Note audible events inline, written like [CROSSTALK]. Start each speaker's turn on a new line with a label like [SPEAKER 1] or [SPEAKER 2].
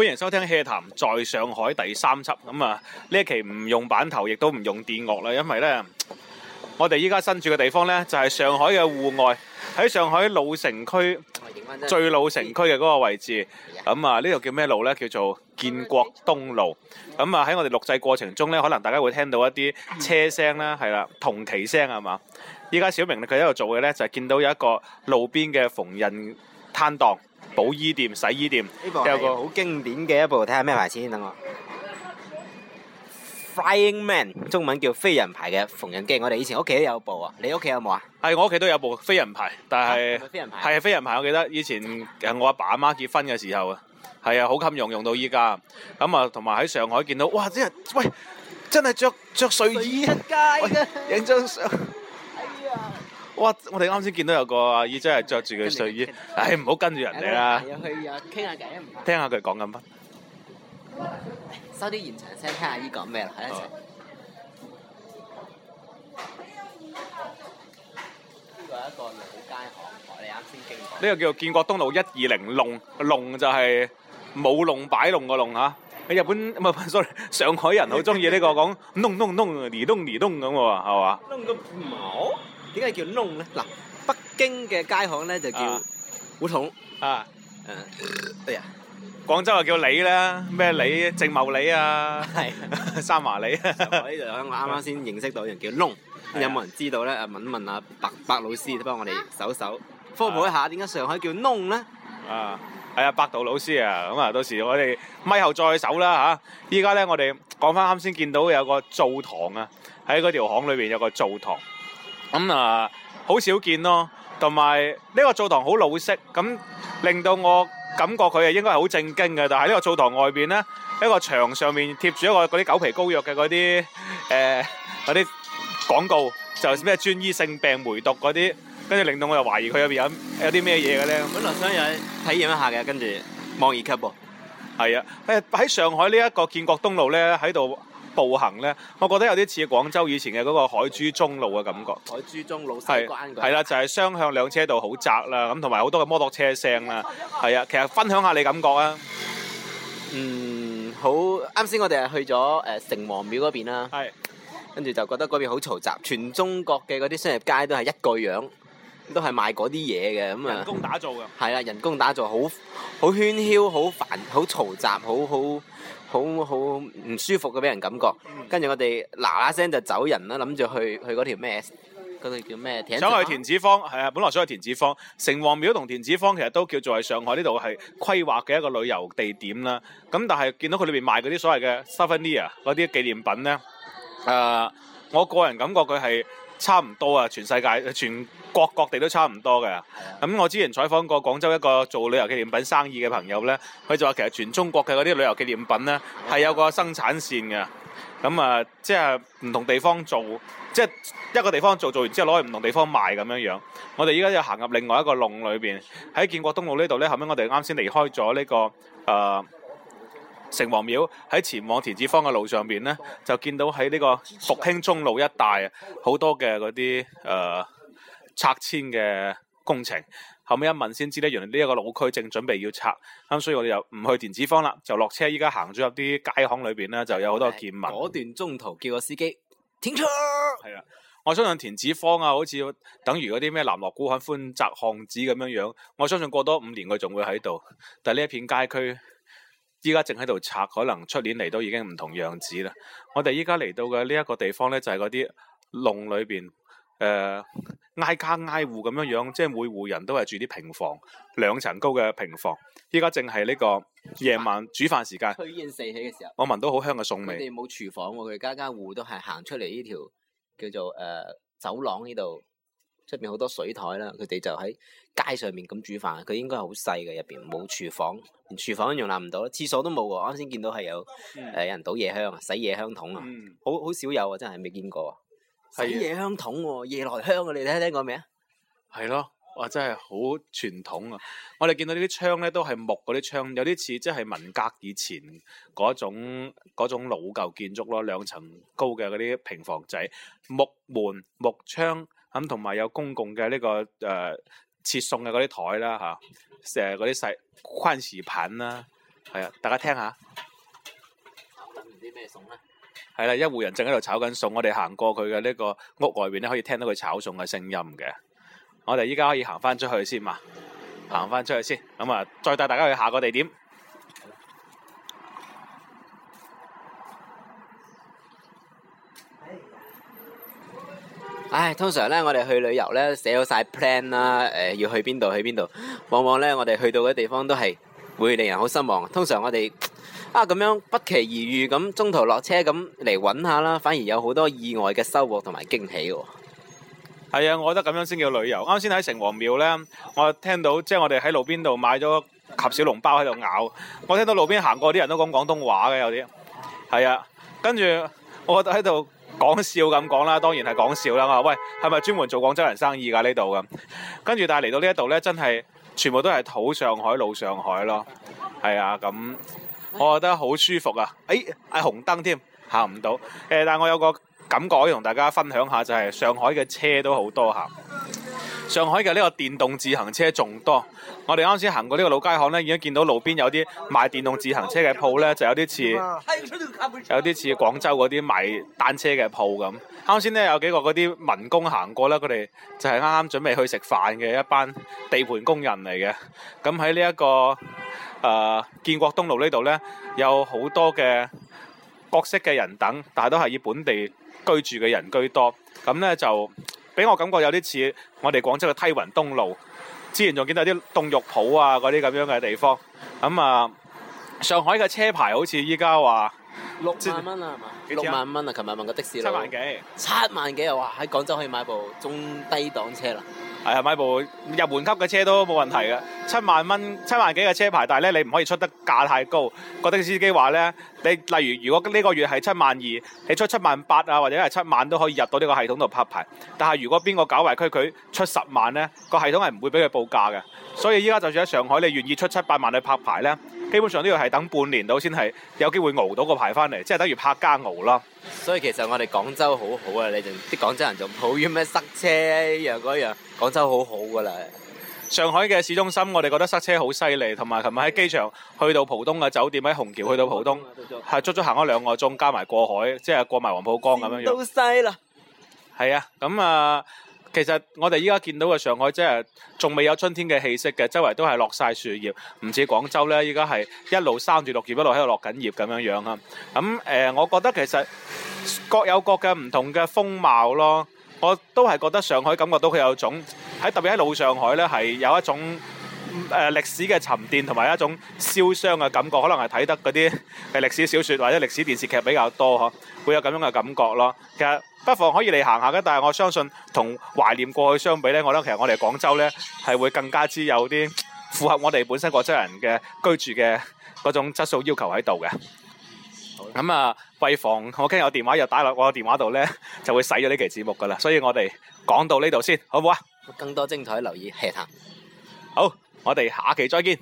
[SPEAKER 1] 歡迎收聽《HEA 談》在上海第三輯。咁啊，呢一期唔用板頭，亦都唔用電樂啦，因為呢，我哋依家身處嘅地方呢，就係、是、上海嘅戶外，喺上海老城區最老城區嘅嗰個位置。咁啊，呢度叫咩路呢？叫做建國東路。咁啊，喺我哋錄製過程中呢，可能大家會聽到一啲車聲啦，係啦、嗯，同期聲係嘛。依家小明佢喺度做嘅呢，就係、是、見到有一個路邊嘅縫紉攤檔。補衣店、洗衣店，呢部有個
[SPEAKER 2] 好經典嘅一部，睇下咩牌子先。等我 Flying
[SPEAKER 1] Man，中文叫飛人牌嘅
[SPEAKER 2] 縫紉機，我哋以前屋企都有部啊。你屋企有冇
[SPEAKER 1] 啊？係我屋企都有部飛人牌，但係係飛人牌，我記得以前我阿爸阿媽結婚嘅時候啊，係啊，好襟用用到依家。咁啊，同埋喺上海見到，哇！真係，喂，真係着著睡衣出街嘅，影張相。 [LAUGHS] 哇！我哋啱先見到有個阿姨真係着住佢睡衣，唉，唔好跟住人哋啦。去啊，傾下偈啊！聽下佢講緊乜？
[SPEAKER 2] 收啲現場聲，聽阿姨講咩啦？喺一齊。呢個係一個老街巷，我哋啱先經過。呢
[SPEAKER 1] 個叫做建國東路一二零弄，弄就係冇弄擺弄個弄嚇。喺日本唔係，sorry，上海人好中意呢個講弄弄弄，兒弄兒弄咁喎，係嘛？弄
[SPEAKER 2] 個毛？點解叫窿咧？嗱，
[SPEAKER 1] 北京嘅街巷咧就叫胡同啊，誒，哎呀，廣州就叫裏啦，咩裏？正茂裏啊，係三華裏。上海就響我啱啱先認識到一樣叫窿，有冇人知道咧？啊，問問阿白白老師幫我哋搜搜，科普一下點解上海叫窿咧？啊，係啊，百度老師啊，咁啊，到時我哋咪後再搜啦嚇。依家咧，我哋講翻啱先見到有個灶堂啊，喺嗰條巷裏邊有個灶堂。咁啊，好、um, uh, 少見咯，同埋呢個澡堂好老式，咁令到我感覺佢啊應該係好正經嘅。但係呢個澡堂外邊咧，一個牆上面貼住一個嗰啲狗皮膏藥嘅嗰啲誒嗰啲廣告，就咩、是、專醫性病梅毒嗰啲，跟住令到我又懷疑佢入邊有有啲咩嘢嘅咧。本來、嗯、想有體驗一下嘅，跟住望熱級噃，係啊，喺喺上海呢一個建國東路咧喺度。步行咧，我覺得有啲似廣州以前嘅嗰個海珠中路嘅感覺。海珠中路西關嘅感覺。係啦，就係、是、雙向兩車道很，好窄啦，咁同埋好多嘅摩托車聲啦。係啊，其實分享下你感覺啊。嗯，好。啱先我哋係去咗誒、呃、城隍廟嗰邊啦。
[SPEAKER 2] 係是。跟住就覺得嗰邊好嘈雜，全中國嘅嗰啲商業街都係一個樣，都係賣嗰啲嘢嘅。咁人工打造㗎。係啦，人工打造，好好喧囂，好煩，好嘈雜，好好。好好好唔舒服嘅俾人感覺，跟住我哋嗱嗱聲就走人啦，諗住去去嗰條咩嗰條，條叫咩？想去田
[SPEAKER 1] 子坊，係啊，本來想去田子坊，城隍廟同田子坊其實都叫做喺上海呢度係規劃嘅一個旅遊地點啦。咁但係見到佢裏面賣嗰啲所謂嘅 souvenir 嗰啲、er，紀念品咧，誒、呃，我個人感覺佢係。差唔多啊，全世界、全國各地都差唔多嘅。咁、嗯、我之前採訪過廣州一個做旅遊紀念品生意嘅朋友呢，佢就話其實全中國嘅嗰啲旅遊紀念品呢係有個生產線嘅。咁、嗯、啊，即係唔同地方做，即係一個地方做，做完之後攞去唔同地方賣咁樣樣。我哋依家就行入另外一個弄裏邊，喺建國東路呢度呢，後尾我哋啱先離開咗呢、這個誒。呃城隍廟喺前往田子坊嘅路上邊呢，就見到喺呢個復興中路一帶好多嘅嗰啲誒拆遷嘅工程。後尾一問先知呢，原來呢一個老區正準備要拆，咁所以我哋又唔去田子坊啦，就落車依家行咗入啲街巷裏邊呢，就有好多見聞。嗰段中途叫個司機停車。係啦，我相信田子坊啊，好似等於嗰啲咩南鑼鼓巷、寬窄巷子咁樣樣。我相信過多五年佢仲會喺度，但係呢一片街區。依家正喺度拆，可能出年嚟都已經唔同樣子啦。我哋依家嚟到嘅呢一個地方咧，就係嗰啲弄裏邊，誒、呃、挨家挨戶咁樣樣，即係每戶人都係住啲平房，兩層高嘅平房。依家正係呢個夜晚煮飯時間，
[SPEAKER 2] 炊煙四起嘅時候，我
[SPEAKER 1] 聞到好香嘅餸味。你哋
[SPEAKER 2] 冇廚房喎，佢家家戶都係行出嚟呢條叫做誒、呃、走廊呢度。出面好多水台啦，佢哋就喺街上面咁煮飯。佢應該係好細嘅入邊，冇廚房，連廚房都容納唔到咯。廁所都冇喎，啱先見到係有誒人倒夜香啊，洗夜香桶啊，好好、
[SPEAKER 1] 嗯、少有啊，真係未見過洗夜
[SPEAKER 2] 香桶的夜來香啊！你聽聽過未啊？
[SPEAKER 1] 係咯，哇！真係好傳統啊！我哋見到呢啲窗咧都係木嗰啲窗，有啲似即係文革以前嗰種嗰種老舊建築咯，兩層高嘅嗰啲平房仔木門木窗。咁同埋有公共嘅呢、這個誒、呃，切餸嘅嗰啲台啦吓，成日嗰啲細昆時品啦，係啊，大家聽下。
[SPEAKER 2] 炒緊完啲咩餸咧？
[SPEAKER 1] 係啦，一戶人正喺度炒緊餸，我哋行過佢嘅呢個屋外邊咧，可以聽到佢炒餸嘅聲音嘅。我哋依家可以行翻出去先嘛？行翻出去先，咁啊，再帶大家去下個地點。
[SPEAKER 2] 唉、哎，通常咧，我哋去旅遊咧，寫好晒 plan 啦，誒，要去邊度去邊度。往往咧，我哋去到嘅地方都係會令人好失望。通常我哋啊咁樣不期而遇，咁中途落車咁嚟揾下啦，反而有好多意外嘅收穫同埋驚
[SPEAKER 1] 喜喎、哦。係啊，我覺得咁樣先叫旅遊。啱先喺城隍廟咧，我聽到即係、就是、我哋喺路邊度買咗盒小籠包喺度咬。我聽到路邊行過啲人都講廣東話嘅，有啲係啊。跟住我覺得喺度。講笑咁講啦，當然係講笑啦嘛。喂，係咪專門做廣州人生意㗎呢度咁？跟住但係嚟到呢一度呢，真係全部都係土上海、老上海咯。係啊，咁我覺得好舒服啊。誒、哎，係紅燈添，行唔到。誒、欸，但我有個感覺同大家分享一下，就係、是、上海嘅車都好多行。上海嘅呢個電動自行車仲多，我哋啱先行過呢個老街巷呢，已經見到路邊有啲賣電動自行車嘅鋪呢，就有啲似，有啲似廣州嗰啲賣單車嘅鋪咁。啱先呢，有幾個嗰啲民工行過咧，佢哋就係啱啱準備去食飯嘅一班地盤工人嚟嘅，這個。咁喺呢一個呃建國東路呢度呢，有好多嘅各色嘅人等，但係都係以本地居住嘅人居多。咁呢就。俾我感覺有啲似我哋廣州嘅梯雲東路，之前仲見到啲凍肉鋪啊嗰啲咁樣嘅地方。咁、嗯、啊，上海嘅車牌好似依家話六萬蚊啊，係咪啊？六萬蚊啊！琴日問個的士七萬幾，
[SPEAKER 2] 七萬幾啊！哇，喺廣州可以買部中低檔車啦。係啊，買
[SPEAKER 1] 部入門級嘅車都冇問題嘅，七萬蚊、七萬幾嘅車牌，但係咧你唔可以出得價太高。那個司機話咧，你例如如果呢個月係七萬二，你出七萬八啊，或者係七萬都可以入到呢個系統度拍牌。但係如果邊個搞違規佢出十萬咧，個系統係唔會俾佢報價嘅。所以依家就算喺上海，你願意出七八萬去拍牌咧。基本上都要係等半年到先係有機會熬到個牌翻嚟，即係等於拍家熬啦。所以其實我哋廣州好好啊！你哋啲廣州人仲抱怨咩塞車呢樣嗰樣？廣州好好噶啦。上海嘅市中心我哋覺得塞車好犀利，同埋琴日喺機場去到浦東嘅酒店，喺虹橋去到浦東，係足、嗯嗯嗯嗯嗯、足行咗兩個鐘，加埋過海，即係過埋黃浦江咁樣樣。都犀啦。係啊，咁啊。Uh, 其實我哋依家見到嘅上海，即係仲未有春天嘅氣息嘅，周圍都係落晒樹葉，唔似廣州呢。依家係一路生住綠葉，一路喺度落緊葉咁樣樣啊。咁、嗯呃、我覺得其實各有各嘅唔同嘅風貌咯。我都係覺得上海感覺到佢有種喺特別喺老上海呢，係有一種。誒，歷史嘅沉澱同埋一種燒傷嘅感覺，可能係睇得嗰啲係歷史小說或者歷史電視劇比較多嗬，會有咁樣嘅感覺咯。其實不妨可以嚟行下嘅，但係我相信同懷念過去相比咧，我諗其實我哋廣州咧係會更加之有啲符合我哋本身廣州人嘅居住嘅嗰種質素要求喺度嘅。咁啊了，為防，我今日有電話又打落我嘅電話度咧，就會洗咗呢期節目噶啦，所以我哋講到呢度先，好唔好啊？更多精彩，留意《HEA 談》。好。我哋下期再見。